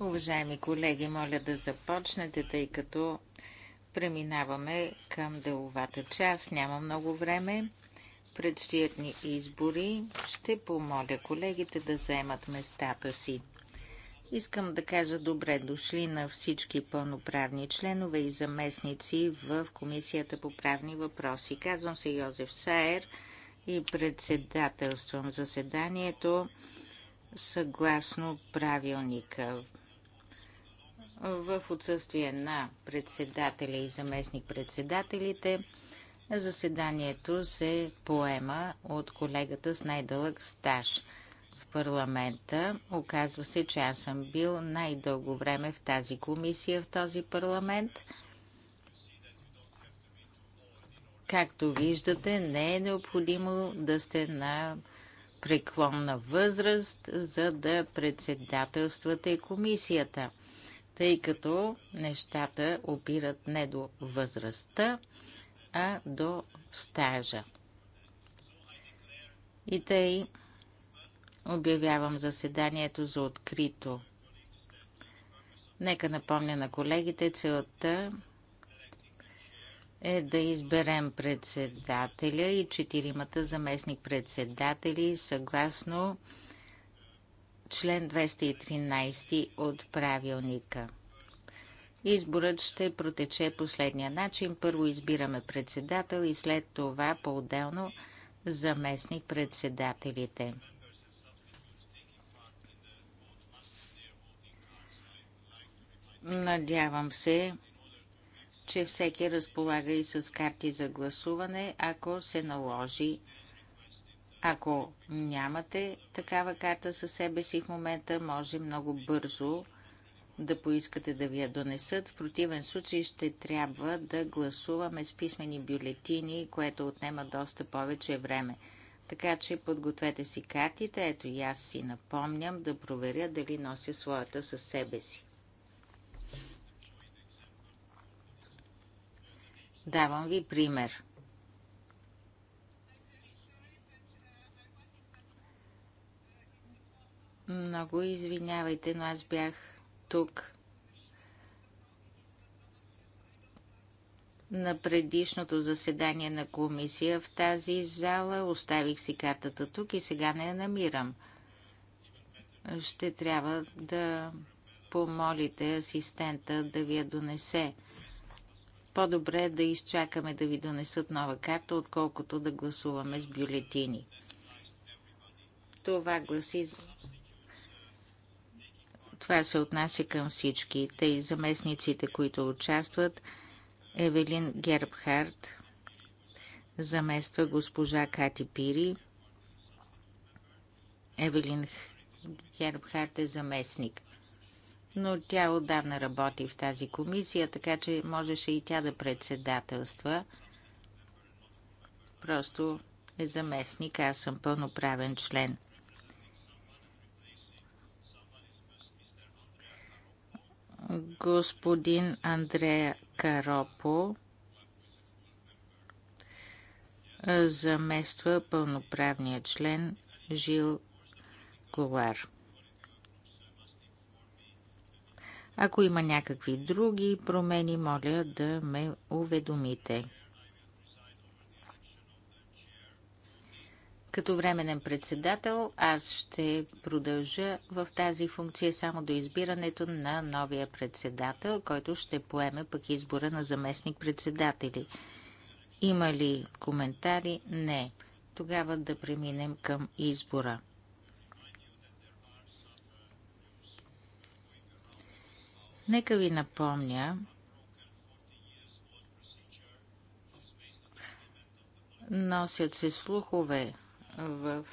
Уважаеми колеги, моля да започнете, тъй като преминаваме към деловата част. Няма много време. Предстоят ни избори. Ще помоля колегите да заемат местата си. Искам да кажа добре дошли на всички пълноправни членове и заместници в Комисията по правни въпроси. Казвам се Йозеф Саер – и председателствам заседанието съгласно правилника. В отсъствие на председателя и заместник-председателите, заседанието се поема от колегата с най-дълъг стаж в парламента. Оказва се, че аз съм бил най-дълго време в тази комисия, в този парламент – Както виждате, не е необходимо да сте на преклонна възраст, за да председателствате комисията, тъй като нещата опират не до възрастта, а до стажа. И тъй обявявам заседанието за открито. Нека напомня на колегите целта е да изберем председателя и четиримата заместник-председатели съгласно член 213 от правилника. Изборът ще протече последния начин. Първо избираме председател и след това по-отделно заместник-председателите. Надявам се, че всеки разполага и с карти за гласуване, ако се наложи. Ако нямате такава карта със себе си в момента, може много бързо да поискате да ви я донесат. В противен случай ще трябва да гласуваме с писмени бюлетини, което отнема доста повече време. Така че подгответе си картите. Ето и аз си напомням да проверя дали нося своята със себе си. Давам ви пример. Много извинявайте, но аз бях тук на предишното заседание на комисия в тази зала. Оставих си картата тук и сега не я намирам. Ще трябва да помолите асистента да ви я донесе. По-добре е да изчакаме да ви донесат нова карта, отколкото да гласуваме с бюлетини. Това гласи това се отнася към всички. Те и заместниците, които участват. Евелин Гербхарт замества госпожа Кати Пири. Евелин Гербхарт е заместник но тя отдавна работи в тази комисия, така че можеше и тя да председателства. Просто е заместник, аз съм пълноправен член. Господин Андрея Каропо замества пълноправния член Жил Ковар. Ако има някакви други промени, моля да ме уведомите. Като временен председател аз ще продължа в тази функция само до избирането на новия председател, който ще поеме пък избора на заместник-председатели. Има ли коментари? Не. Тогава да преминем към избора. Нека ви напомня, носят се слухове в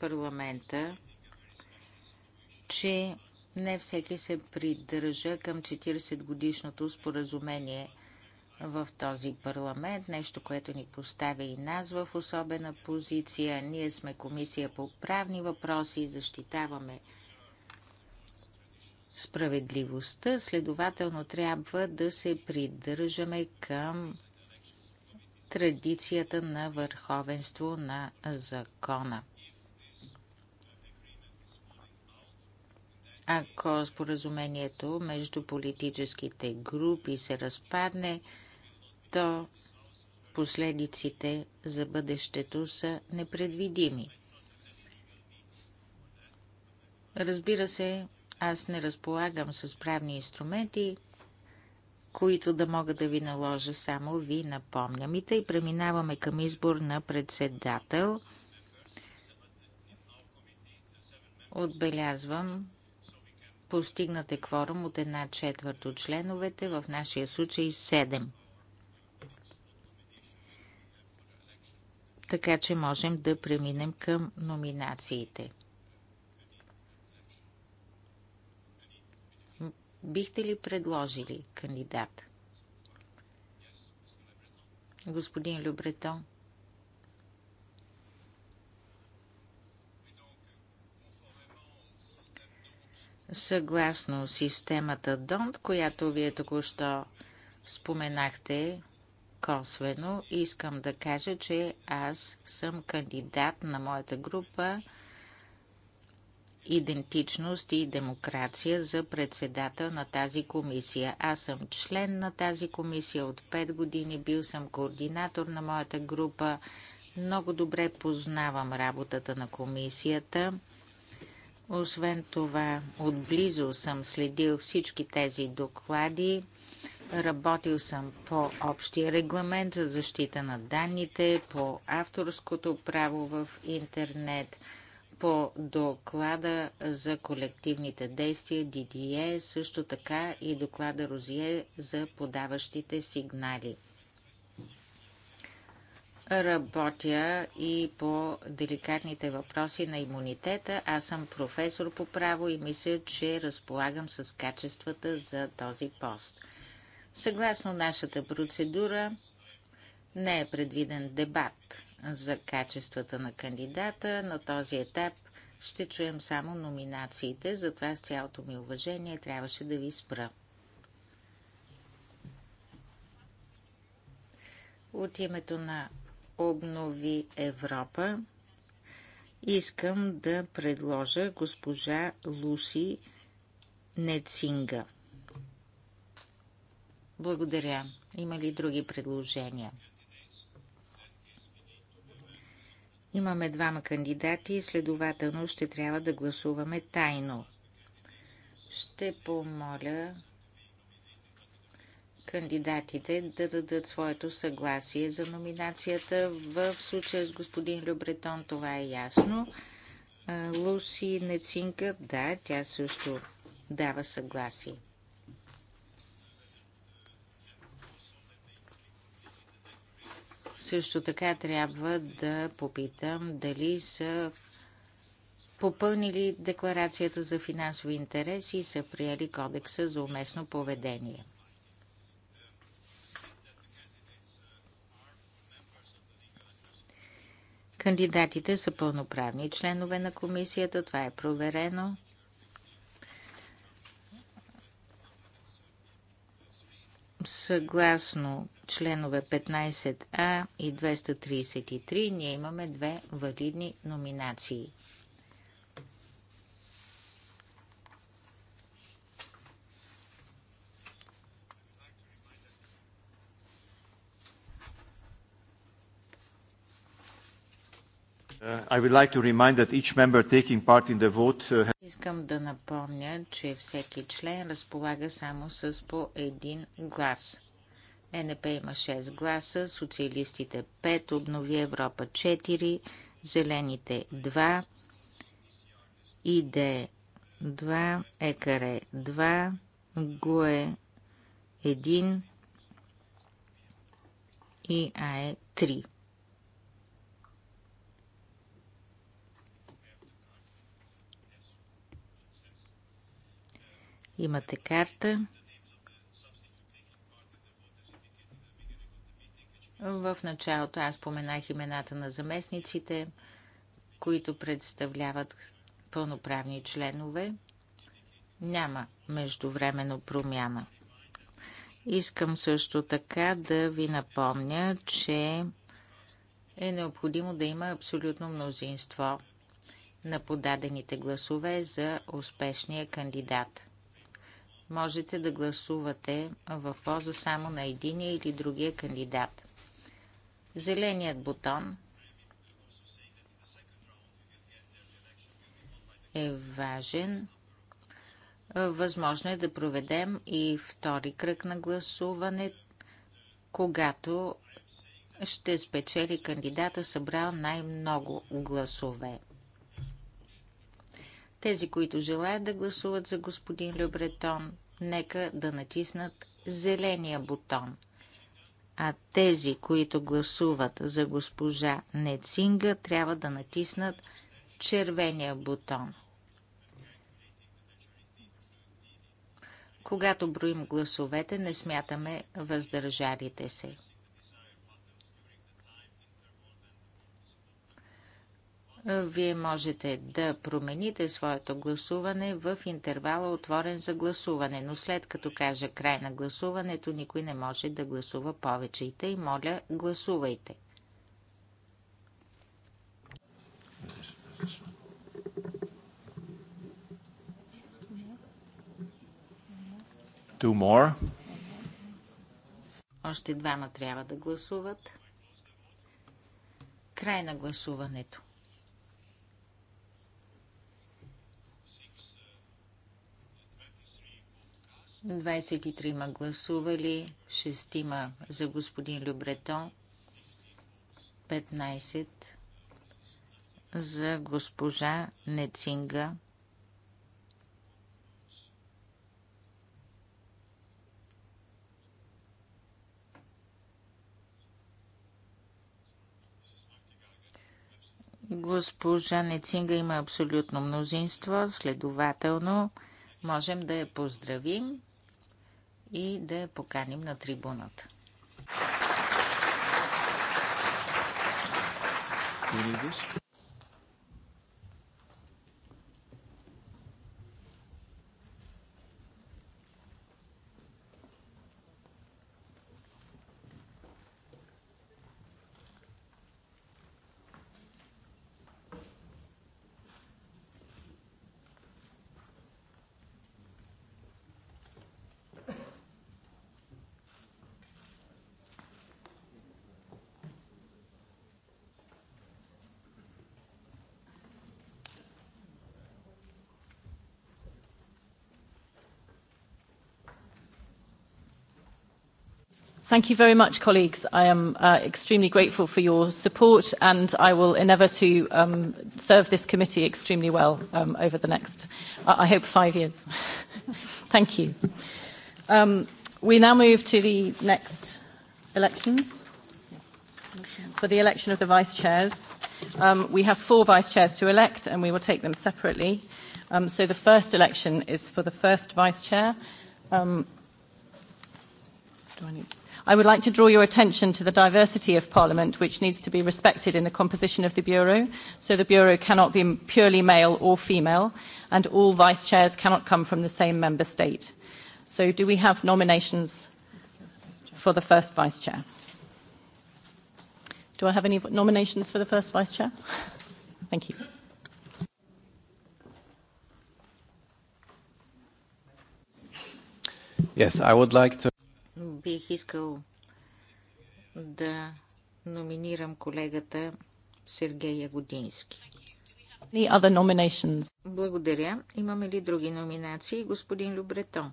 парламента, че не всеки се придържа към 40 годишното споразумение в този парламент, нещо, което ни поставя и нас в особена позиция. Ние сме комисия по правни въпроси, защитаваме справедливостта, следователно трябва да се придържаме към традицията на върховенство на закона. Ако споразумението между политическите групи се разпадне, то последиците за бъдещето са непредвидими. Разбира се, аз не разполагам с правни инструменти, които да мога да ви наложа, само ви напомням. И тъй преминаваме към избор на председател. Отбелязвам постигнате кворум от една четвърт от членовете, в нашия случай седем. Така че можем да преминем към номинациите. Бихте ли предложили кандидат? Господин Любретон. Съгласно системата ДОНТ, която вие току-що споменахте косвено, искам да кажа, че аз съм кандидат на моята група идентичност и демокрация за председател на тази комисия. Аз съм член на тази комисия от 5 години, бил съм координатор на моята група, много добре познавам работата на комисията. Освен това, отблизо съм следил всички тези доклади. Работил съм по общия регламент за защита на данните, по авторското право в интернет – по доклада за колективните действия DDE, също така и доклада Розие за подаващите сигнали. Работя и по деликатните въпроси на имунитета. Аз съм професор по право и мисля, че разполагам с качествата за този пост. Съгласно нашата процедура, не е предвиден дебат за качествата на кандидата. На този етап ще чуем само номинациите, затова с цялото ми уважение трябваше да ви спра. От името на Обнови Европа искам да предложа госпожа Луси Нецинга. Благодаря. Има ли други предложения? Имаме двама кандидати и следователно ще трябва да гласуваме тайно. Ще помоля кандидатите да дадат своето съгласие за номинацията. В случая с господин Любретон това е ясно. Луси Нецинка, да, тя също дава съгласие. Също така трябва да попитам дали са попълнили декларацията за финансови интереси и са приели кодекса за уместно поведение. Кандидатите са пълноправни членове на комисията, това е проверено. Съгласно членове 15А и 233 ние имаме две валидни номинации. Искам да напомня, че всеки член разполага само с по един глас. Е НП има 6 гласа, социалистите 5, Обнови Европа 4, Зелените 2, ИД 2, ЕКРЕ 2, ГУЕ 1 и АЕ 3. Имате карта. В началото аз споменах имената на заместниците, които представляват пълноправни членове. Няма междувременно промяна. Искам също така да ви напомня, че е необходимо да има абсолютно мнозинство на подадените гласове за успешния кандидат можете да гласувате в полза само на единия или другия кандидат. Зеленият бутон е важен. Възможно е да проведем и втори кръг на гласуване, когато ще спечели кандидата събрал най-много гласове. Тези, които желаят да гласуват за господин Любретон, нека да натиснат зеления бутон. А тези, които гласуват за госпожа Нецинга, трябва да натиснат червения бутон. Когато броим гласовете, не смятаме въздържалите се. вие можете да промените своето гласуване в интервала отворен за гласуване, но след като кажа край на гласуването, никой не може да гласува повече. И тъй, моля, гласувайте. Two more. Още двама трябва да гласуват. Край на гласуването. 23 гласували, 6 за господин Любретон, 15 за госпожа Нецинга. Госпожа Нецинга има абсолютно мнозинство, следователно можем да я поздравим и да я поканим на трибуната. You need this? Thank you very much, colleagues. I am uh, extremely grateful for your support, and I will endeavour to um, serve this committee extremely well um, over the next, uh, I hope, five years. Thank you. Um, we now move to the next elections. For the election of the vice chairs, um, we have four vice chairs to elect, and we will take them separately. Um, so the first election is for the first vice chair. Um, do I need I would like to draw your attention to the diversity of Parliament, which needs to be respected in the composition of the Bureau. So the Bureau cannot be purely male or female, and all vice chairs cannot come from the same member state. So do we have nominations for the first vice chair? Do I have any nominations for the first vice chair? Thank you. Yes, I would like to бих искал да номинирам колегата Сергей Ягодински. Благодаря. Имаме ли други номинации, господин Любретон?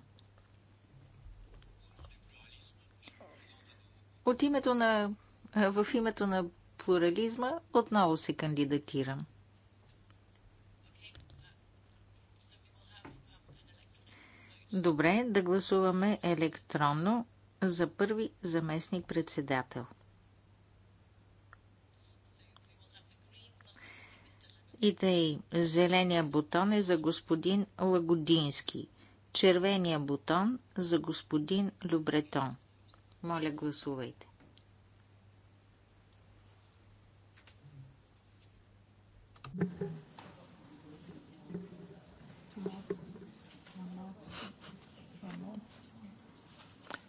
От името на, в името на плурализма отново се кандидатирам. Добре, да гласуваме електронно за първи заместник председател. И тъй, зеления бутон е за господин Лагодински, червения бутон за господин Любретон. Моля, гласувайте. Thank you.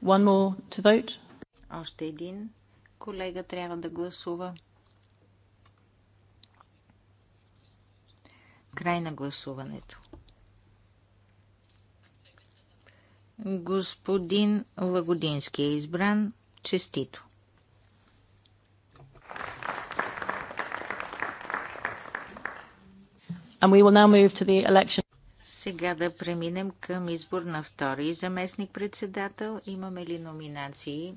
One more to vote. Още един колега трябва да гласува. Край на гласуването. Господин Лагодински е избран. Честито. And we will now move to the election. Сега да преминем към избор на втори заместник-председател. Имаме ли номинации?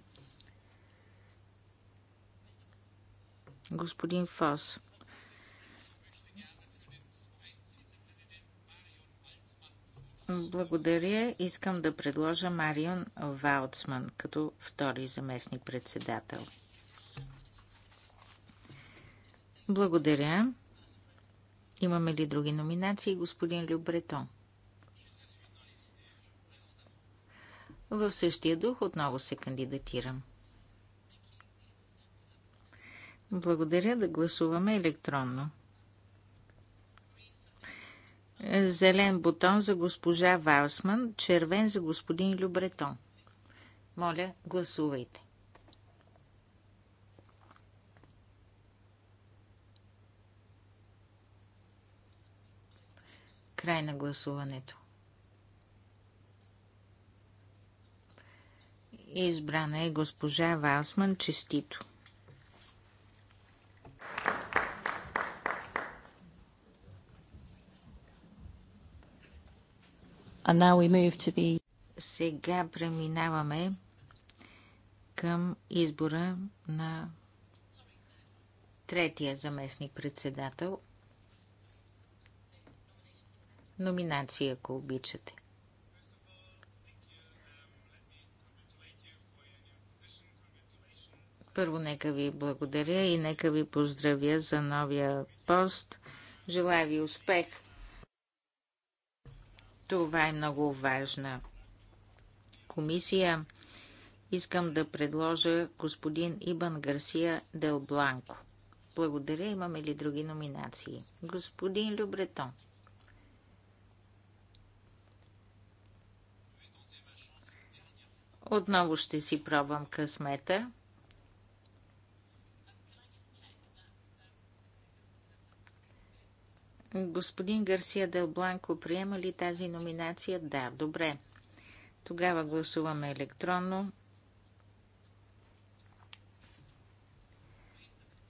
Господин Фос. Благодаря. Искам да предложа Марион Валцман като втори заместник-председател. Благодаря. Имаме ли други номинации, господин Любретон? В същия дух отново се кандидатирам. Благодаря да гласуваме електронно. Зелен бутон за госпожа Валсман, червен за господин Любретон. Моля, гласувайте. Край на гласуването. Избрана е госпожа Валсман. Честито! The... Сега преминаваме към избора на третия заместник председател номинации, ако обичате. Първо нека ви благодаря и нека ви поздравя за новия пост. Желая ви успех. Това е много важна комисия. Искам да предложа господин Ибан Гарсия Дел Бланко. Благодаря. Имаме ли други номинации? Господин Любретон. Отново ще си пробвам късмета. Господин Гарсия Дел Бланко приема ли тази номинация? Да, добре. Тогава гласуваме електронно.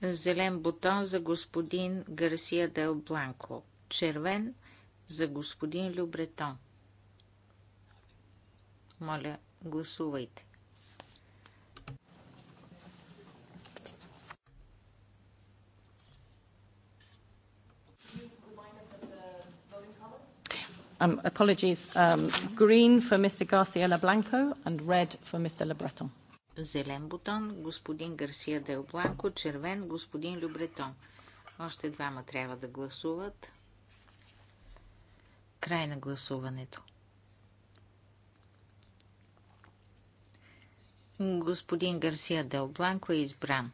Зелен бутон за господин Гарсия Дел Бланко. Червен за господин Любретон. Моля, Гласувайте. Um, apologies. Um, green for Mr. Garcia La Blanco and red for Mr. Lebreton. Зелен бутон, господин Гарсия Дел Бланко, червен, господин Любретон. Още двама трябва да гласуват. Край на гласуването. Господин Гарсия Делбланко е избран.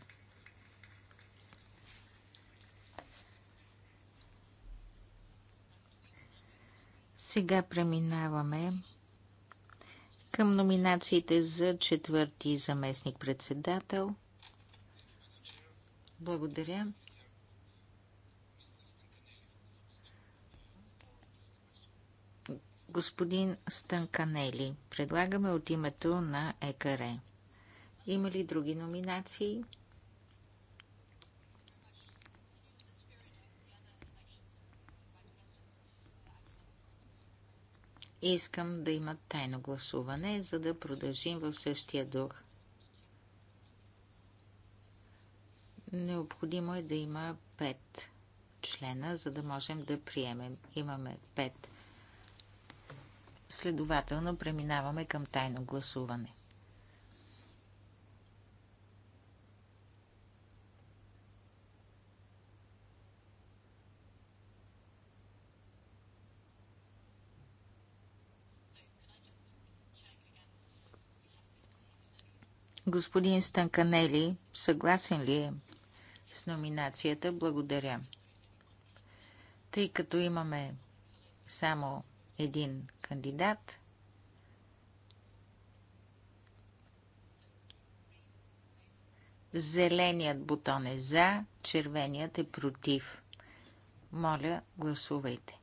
Сега преминаваме към номинациите за четвърти заместник-председател. Благодаря. Господин Станканели, предлагаме от името на ЕКАРЕ. Има ли други номинации? Искам да има тайно гласуване, за да продължим в същия дух. Необходимо е да има пет члена, за да можем да приемем. Имаме пет. Следователно преминаваме към тайно гласуване. Господин Станканели, съгласен ли е с номинацията? Благодаря. Тъй като имаме само един кандидат, зеленият бутон е за, червеният е против. Моля, гласувайте.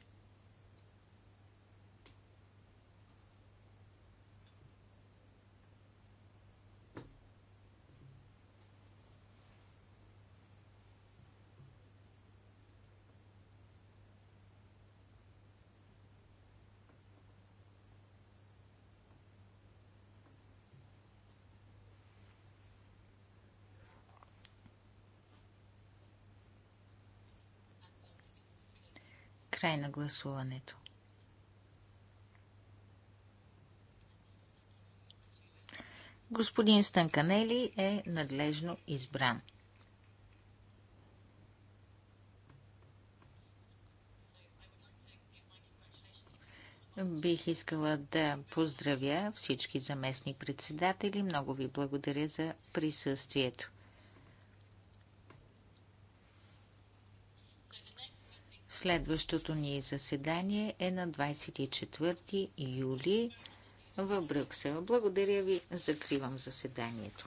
Край на гласуването. Господин Станканели е надлежно избран. Бих искала да поздравя всички заместни председатели. Много ви благодаря за присъствието. Следващото ни заседание е на 24 юли в Брюксел. Благодаря ви. Закривам заседанието.